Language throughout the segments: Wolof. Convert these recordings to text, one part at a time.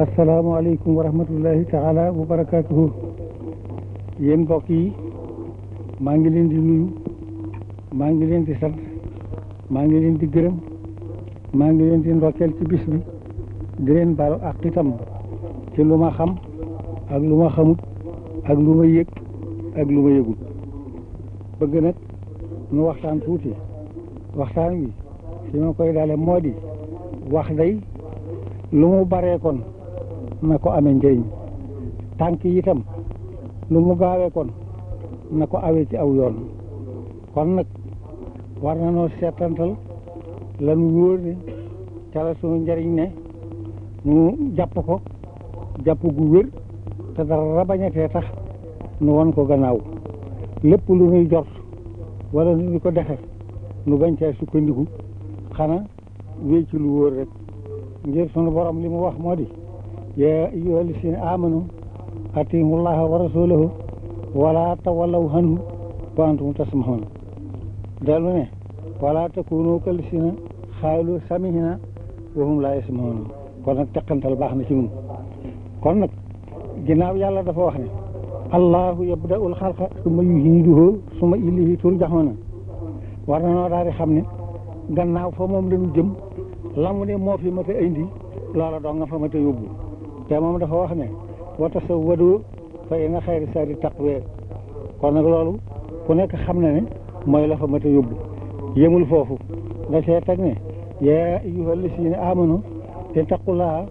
asalaamaaleykum wa rahmatullahi taala wa barakaatuhu yéen mbokk yi maa ngi leen di nuyu maa ngi leen di sant maa ngi leen di gërëm maa ngi leen di ndokkeel ci bis bi di leen baalu ak itam ci lu ma xam ak lu ma xamut ak lu ma yëg ak lu ma yëgut bëgg nag nu waxtaan tuuti waxtaan wi fi ma koy daale moo di wax day lu mu baree kon na ko amee njëriñ tànk yi itam nu mu gaawee kon na ko awee ci aw yoon kon nag war na noo seetantal lan wóor ne ca la sunu ne nu jàpp ko jàpp gu wér te dara bañatee tax nu won ko gannaaw lépp lu nuy jot wala nu di ko defe nu bañ cee sukkandiku xana wéy ci lu wóor rek ngir sunu borom li mu wax moo di يا أيها الذين آمنوا أطيعوا الله ورسوله ولا تولوا عنه وأنتم تسمعون dellu ne wala takunu kal sina xaalu samihina wahum laa kon nag teqantal baax na ci ñun kon nag ginnaaw yàlla dafa wax ne allahu yabda'ul xalqa suma yuhiiduhu suma ilayhi turja'uun war na noo daal di xam ne gannaaw fa moom lañu jëm la mu ne moo fi mat a indi loola doo fa mat a yóbbu te moom dafa wax ne wa tazawwadu fa inna xayra zaadi taqwa kon nag loolu ku nekk xam na ne mooy la fa mat yóbbu yëmul foofu nga see ne yaa ayyuhal lazina aamanu ittaqullaaha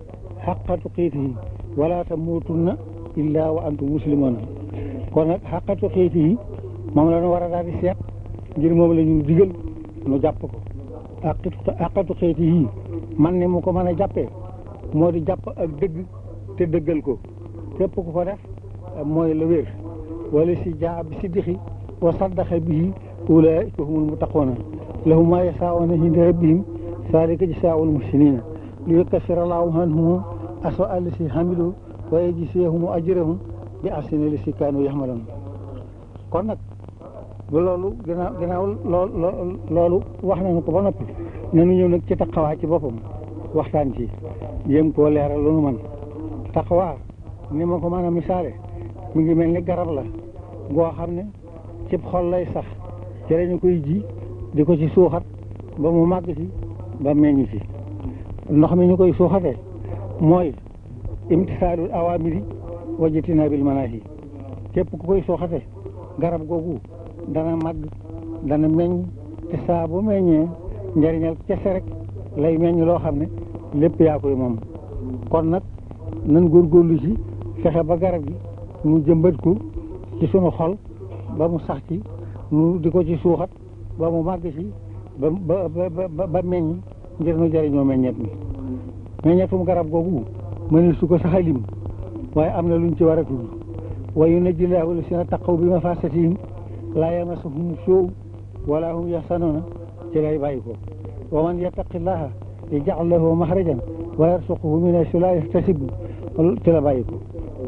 xaqa tuqiitihi wala tamuutunna illaa wa antum muslimuun kon nag xaqa tuqiitihi moom la ñu war a daal di seet ngir moom la ñu digal nu jàpp ko xaqatu xaqatu xeeti yii man ne mu ko mën a jàppee moo di jàpp ak dëgg te dëggal ko képp ku ko def mooy la wér wala si jaa bi si dixi wa saddaxa bii ulaayika humul muttaquuna lahum maa yasaawuna inda rabbihim saalika jazaa'ul muhsiniina li yukaffira Allaahu anhum aswa allati hamilu wa yajziyahum ajrahum bi ahsani lati kaanu ya'maluun kon nag ba loolu gannaaw loolu wax nañu ko ba noppi nañu ñëw nag ci taqawaa ci boppam waxtaan ci yéem koo leeral lu man taqwa ni ma ko mën a misaale mu ngi mel ni garab la goo xam ne cib xol lay sax ci la ñu koy ji di ko ci suuxat ba mu màgg ci ba meññ ci ndox mi ñu koy suuxate mooy imtisaalul awaamiri wajtinaabil manaahi képp ku koy suuxate garab googu dana màgg dana meññ te bu meññee njariñal kese rek lay meññ loo xam ne lépp yaa koy moom kon nag nan góorgóorlu ci fexe ba garab gi nu jëmbat ko ci sunu xol ba mu sax ci nu di ko ci suuxat ba mu màgg ci ba ba ba meññ ngir nu jëriñoo meññeet mi meññeetum garab googu mënees su ko sax lim waaye am na luñ ci war a tudd waaye yu najji laahu lasina taqaw bi mafaasatihim laa yamassuhum soow wala hum yaxsanuuna ci lay bàyyi ko wa man yattaqillaha yaj'al lahu maxrajan wa yarsuquhu min haysu laa yahtasib ci la bàyyi ko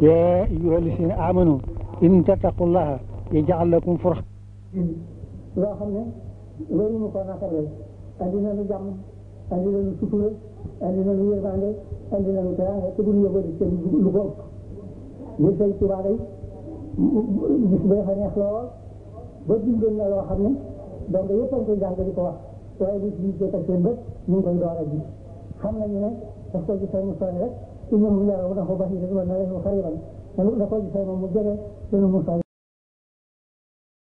yaa ayyuha allazina amanu in tattaqullaha yaj'al lakum furqan loo xam ne loolu mu ko naqaree andi na lu jàmm andi na lu sutura andi na lu yërmande andi na lu teraanga te bu ñu yëgoon seen lu ko ëpp bu sëñ Tuubaa day gis ba dafa neex lool ba bindoon na loo xam ne donc yëpp a ngi koy jàng di ko wax waaye gis bi ko teg seen bët ñu ngi koy door a ji xam nañu ne daf koy gisee mu sori rek ci ñoom bu yàlla bu dafa baax yi rek war na leen xariban da koy gisee moom mu jege dina mu sori